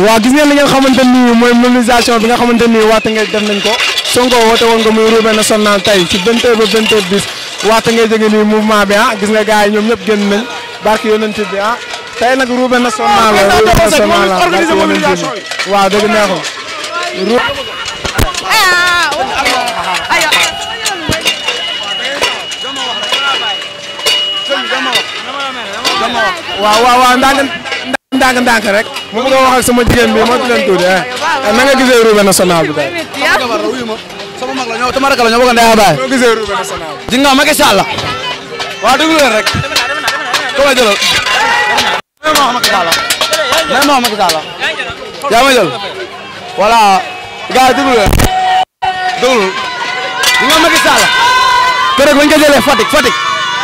waaw gis ngeen li nga xamante ni mooy mobilisation bi nga xamante ni waa Tëngéej def nañ ko Sonko woote woon nga muy roube national tey ci 20h ba 20h10 waa Tëngéej jóge nii mouvement bi ah gis nga gars yi ñoom ñëpp génn nañ barke yonent bi ah tey nag roube national la roube national la barke yonent bi waaw ndànk-ndànk rek. mu bëgg a wax ak sama jigéen bi moo ci leen tuuti eh. eh, na nga gisee roube national bi tey. sama mag la ñoo sama rakk la ñoo bëgg ndeyaa baay. noo gisee roube national bi. di nga Macky Sall. waa déglu leen rek. ku la jëlal. même moo xam Macky Sall. même moo xam Macky Sall. yaa ma jël. voilà. gars yi déglu leen. déglu. di nga Macky Sall. keroog bañ ko jëlee Fatick Fatick.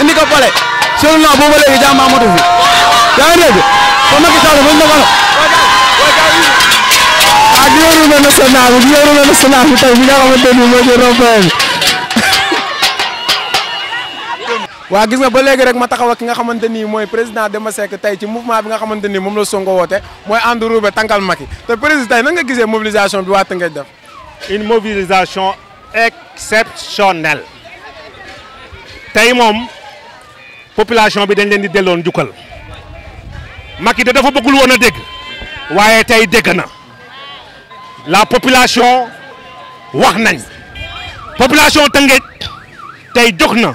indi ko Palais. sëñ bi nag boobu ba léegi jàmm amatu fi. yaa ngi dégg kon Macky Sall bañ na ko la. waaw ah, di yor na national bi di yor na national moo ci rompéen. ba léegi rek ma taxaw ak nga xamante ni mooy président Demba Seck tey ci mouvement bi nga xamante ni moom la Sonko woote mooy ànd ruube tànkal Macky te président tey nan nga gisee mobilisation bi waa Tëngéej def. une mobilisation exceptionnelle tey moom population bi dañ leen di delloon jukal Macky de dafa bëggul woon a dégg waaye tey dégg na la population wax nañ population Tëngéej tey jox na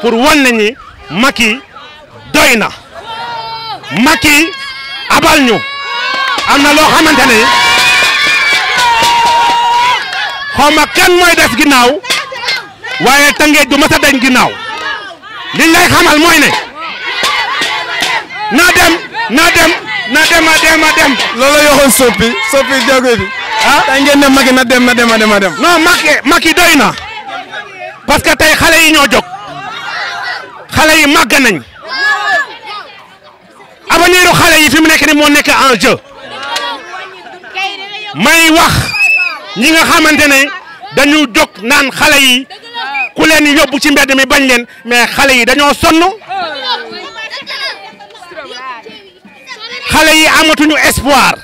pour wan nañu Macky doy na Macky abal ñu am na loo xamante ne xaw mooy def ginnaaw waaye Tëngéej du mës a dañ ginnaaw liñ lay xamal mooy ne na dem. na dem na dem a dem a dem. looloo yoxoon soppi soppi jago bi. ah da ngeen ne Macky na dem na dem a dem a dem. non Macky Macky doy na parce que tey xale yi ñoo jog xale yi màgg nañ avenir xale yi fi mu nekk ni moo nekk en jeu may wax ñi nga xamante ne dañu jóg naan xale yi ku leen yóbbu ci mbedd mi bañ leen mais xale yi dañoo sonn. xale yi amatuñu espoir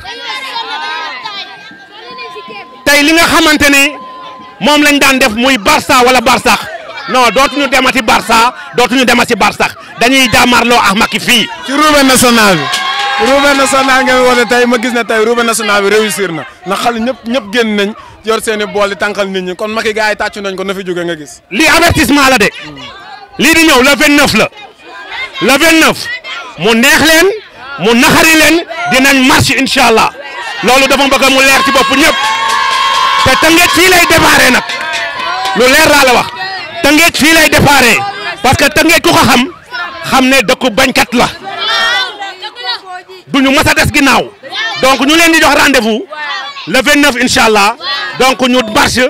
tey li nga xamante ni moom lañ daan def muy Barça wala Barsax no dootuñu demati Barça dootuñu demati Barsax dañuy jaamarloo ak Macky fii. ci roube national bi roube national ngeen woote tey ma gis ne tey roube national bi réussir na ndax xale ñëpp ñëpp génn nañ yor seeni i bool di tànqal nit ñi kon Macky gars yi tàccu nañ ko na fi jóge nga gis. lii avertissement la de. lii di ñëw le 29 la. le 29 mu neex leen. mu naxari leen dinañ marche incha allah loolu dafa bëgg mu leer ci bopp ñëpp te Tëngéej fii lay déparé nag lu leer laa la wax Tëngéej fii lay déparé parce que Tëngéej ku xa xam xam ne dëkku bañkat la duñu mës a des ginnaaw donc ñu leen di jox rendez-vous le 29 incha allah donc ñu marche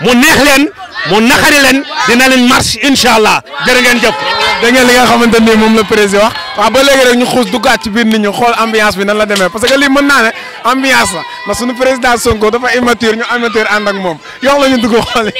mu neex leen mu naxari leen dina leen marche incha allah jërë ngeen jëf. da ngeen li nga xamante ni moom la président wax. waaw ba léegi rek ñu xuus duggaat ci biir nit ñi xool ambiance bi nan la demee parce que lii mën naa ne ambiance la na suñu président Sonko dafa immature ñu amateur ànd ak moom yox la ñu dugg